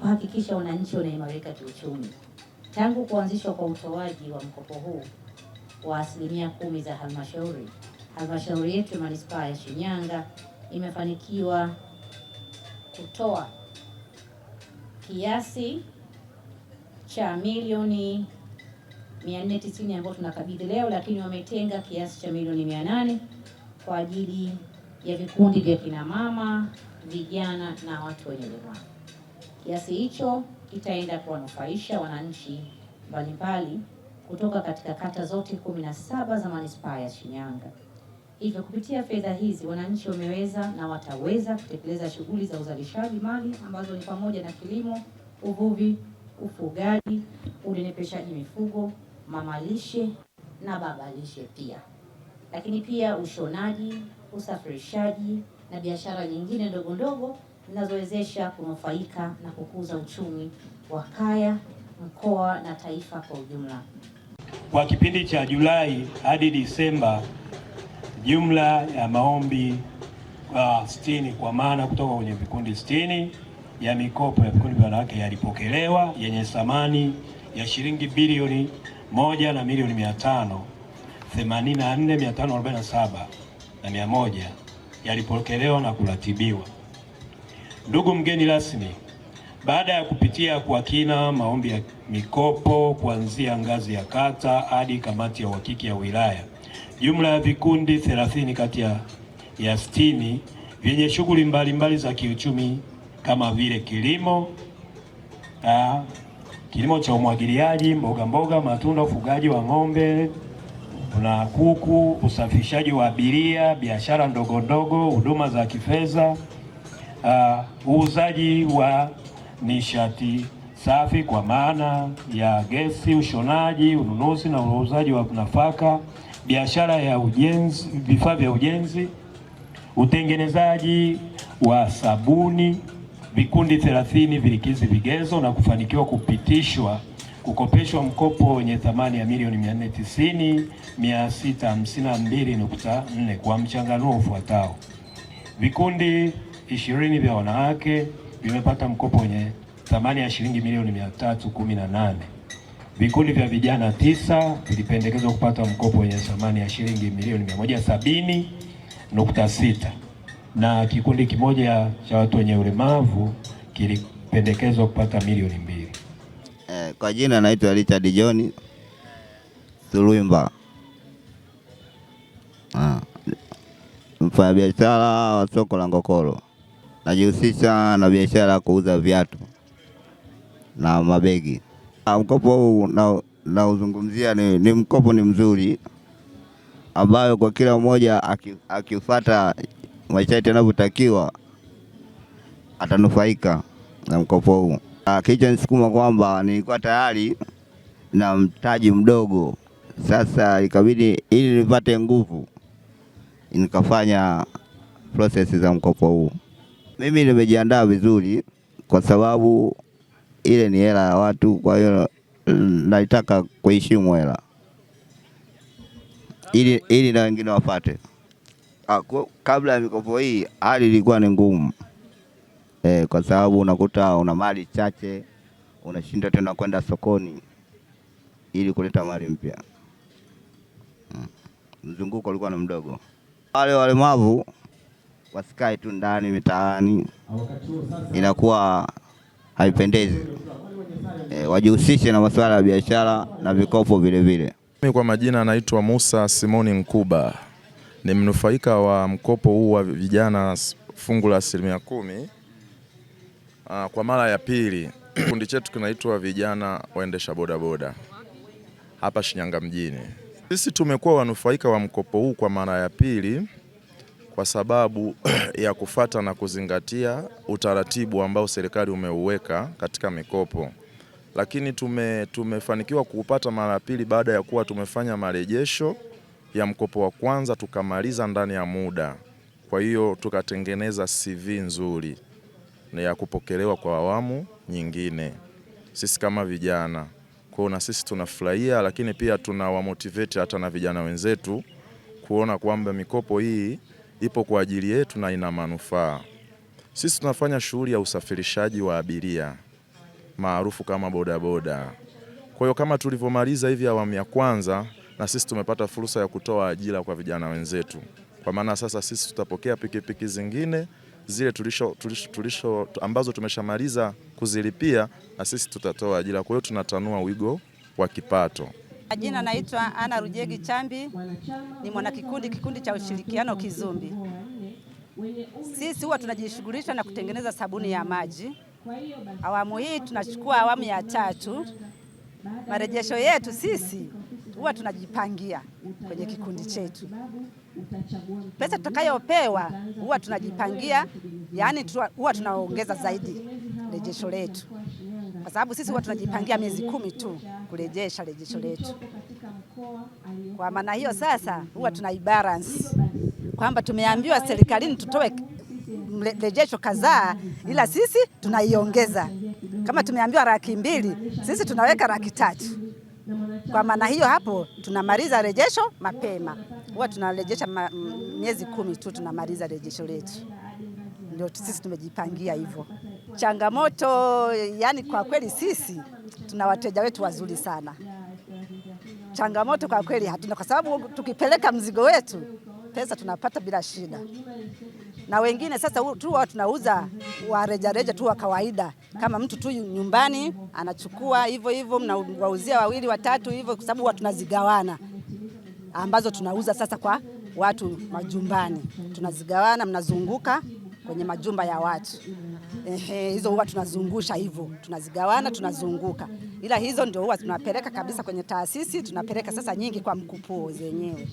kuhakikisha wananchi wanaimarika kiuchumi. Tangu kuanzishwa kwa utoaji wa mkopo huu wa asilimia kumi za halmashauri, halmashauri yetu ya manispaa ya Shinyanga imefanikiwa kutoa kiasi cha milioni 490 ambayo tunakabidhi leo, lakini wametenga kiasi cha milioni 800 kwa ajili ya vikundi vya kinamama, vijana na watu wenye ulemavu. Kiasi hicho kitaenda kuwanufaisha wananchi mbalimbali kutoka katika kata zote kumi na saba za manispaa ya Shinyanga. Hivyo, kupitia fedha hizi wananchi wameweza na wataweza kutekeleza shughuli za uzalishaji mali ambazo ni pamoja na kilimo, uvuvi, ufugaji, ulinepeshaji mifugo, mamalishe na babalishe pia, lakini pia ushonaji, usafirishaji na biashara nyingine ndogo ndogo zinazowezesha kunufaika na kukuza uchumi wa kaya, mkoa na taifa kwa ujumla. Kwa kipindi cha Julai hadi Disemba, jumla ya maombi uh, sitini kwa maana kutoka kwenye vikundi sitini ya mikopo ya vikundi vya wanawake yalipokelewa yenye thamani ya shilingi bilioni moja na milioni mia tano themanini na nne mia tano arobaini na saba na mia moja yalipokelewa na kuratibiwa. Ndugu mgeni rasmi, baada ya kupitia kwa kina maombi ya mikopo kuanzia ngazi ya kata hadi kamati ya uhakiki ya wilaya, jumla ya vikundi 30 kati ya 60 vyenye shughuli mbalimbali za kiuchumi kama vile kilimo aa, kilimo cha umwagiliaji, mboga mboga, matunda, ufugaji wa ng'ombe na kuku, usafishaji wa abiria, biashara ndogo ndogo, huduma za kifedha Uh, uuzaji uh, wa nishati safi kwa maana ya gesi, ushonaji, ununuzi na uuzaji wa nafaka, biashara ya ujenzi, vifaa vya ujenzi, utengenezaji wa sabuni. Vikundi 30 vilikizi vigezo na kufanikiwa kupitishwa kukopeshwa mkopo wenye thamani ya milioni 490 652.4 kwa mchanganuo ufuatao vikundi ishirini vya wanawake vimepata mkopo wenye thamani ya shilingi milioni mia tatu kumi na nane. Vikundi vya vijana tisa vilipendekezwa kupata mkopo wenye thamani ya shilingi milioni mia moja sabini nukta sita na kikundi kimoja cha watu wenye ulemavu kilipendekezwa kupata milioni mbili. Eh, kwa jina naitwa Richard John Sulumba, ah, mfanyabiashara wa soko la Ngokoro najihusisha na biashara ya kuuza viatu na mabegi. Mkopo huu nauzungumzia na ni, ni mkopo ni mzuri ambayo kwa kila mmoja akifuata masharti yanavyotakiwa atanufaika na mkopo huu. nisukuma kwamba nilikuwa tayari na mtaji mdogo, sasa ikabidi ili nipate nguvu nikafanya prosesi za mkopo huu. Mimi nimejiandaa vizuri kwa sababu ile ni hela ya watu, kwa hiyo naitaka kuheshimu hela ili, ili na wengine wapate. Ah, kabla ya mikopo hii hali ilikuwa ni ngumu e, kwa sababu unakuta una mali chache unashinda tena kwenda sokoni ili kuleta mali mpya. Mm. Mzunguko ulikuwa ni mdogo. Wale walemavu wasikae tu ndani mitaani, inakuwa haipendezi. E, wajihusishe na masuala ya biashara na vikopo vilevile. Mimi kwa majina naitwa Musa Simoni Mkuba, ni mnufaika wa mkopo huu wa vijana fungu la asilimia kumi ah, kwa mara ya pili. Kikundi chetu kinaitwa vijana waendesha bodaboda hapa Shinyanga mjini. Sisi tumekuwa wanufaika wa mkopo huu kwa mara ya pili kwa sababu ya kufata na kuzingatia utaratibu ambao serikali umeuweka katika mikopo, lakini tume, tumefanikiwa kuupata mara ya pili baada ya kuwa tumefanya marejesho ya mkopo wa kwanza tukamaliza ndani ya muda. Kwa hiyo tukatengeneza CV nzuri na ya kupokelewa kwa awamu nyingine sisi kama vijana kwao, na sisi tunafurahia, lakini pia tunawamotivate hata na vijana wenzetu kuona kwamba mikopo hii ipo kwa ajili yetu na ina manufaa. Sisi tunafanya shughuli ya usafirishaji wa abiria maarufu kama bodaboda. Kwa hiyo kama tulivyomaliza hivi awamu ya kwanza, na sisi tumepata fursa ya kutoa ajira kwa vijana wenzetu, kwa maana sasa sisi tutapokea pikipiki zingine zile tulisho, tulisho, tulisho, ambazo tumeshamaliza kuzilipia na sisi tutatoa ajira. Kwa hiyo tunatanua wigo wa kipato. Jina naitwa Ana Rujegi Chambi, ni mwanakikundi kikundi cha ushirikiano Kizumbi. Sisi huwa tunajishughulisha na kutengeneza sabuni ya maji. Awamu hii tunachukua awamu ya tatu. Marejesho yetu sisi huwa tunajipangia kwenye kikundi chetu, pesa tutakayopewa huwa tunajipangia, yaani huwa tunaongeza zaidi rejesho letu, kwa sababu sisi huwa tunajipangia miezi kumi tu kurejesha rejesho letu. Kwa maana hiyo sasa huwa tuna ibalansi kwamba tumeambiwa serikalini tutoe rejesho kadhaa, ila sisi tunaiongeza. Kama tumeambiwa laki mbili, sisi tunaweka laki tatu. Kwa maana hiyo hapo tunamaliza rejesho mapema. Huwa tunarejesha ma, miezi kumi tu tunamaliza rejesho letu, ndio sisi tumejipangia hivyo. Changamoto yani, kwa kweli sisi tuna wateja wetu wazuri sana. Changamoto kwa kweli hatuna, kwa sababu tukipeleka mzigo wetu pesa tunapata bila shida, na wengine sasa tu wao tunauza wa rejareja tu wa kawaida, kama mtu tu nyumbani anachukua hivyo hivyo, mnawauzia wawili watatu hivyo, kwa sababu tunazigawana ambazo tunauza sasa kwa watu majumbani, tunazigawana, mnazunguka kwenye majumba ya watu. Ehe, hizo huwa tunazungusha hivyo, tunazigawana tunazunguka, ila hizo ndio huwa tunapeleka kabisa kwenye taasisi, tunapeleka sasa nyingi kwa mkupuo zenyewe.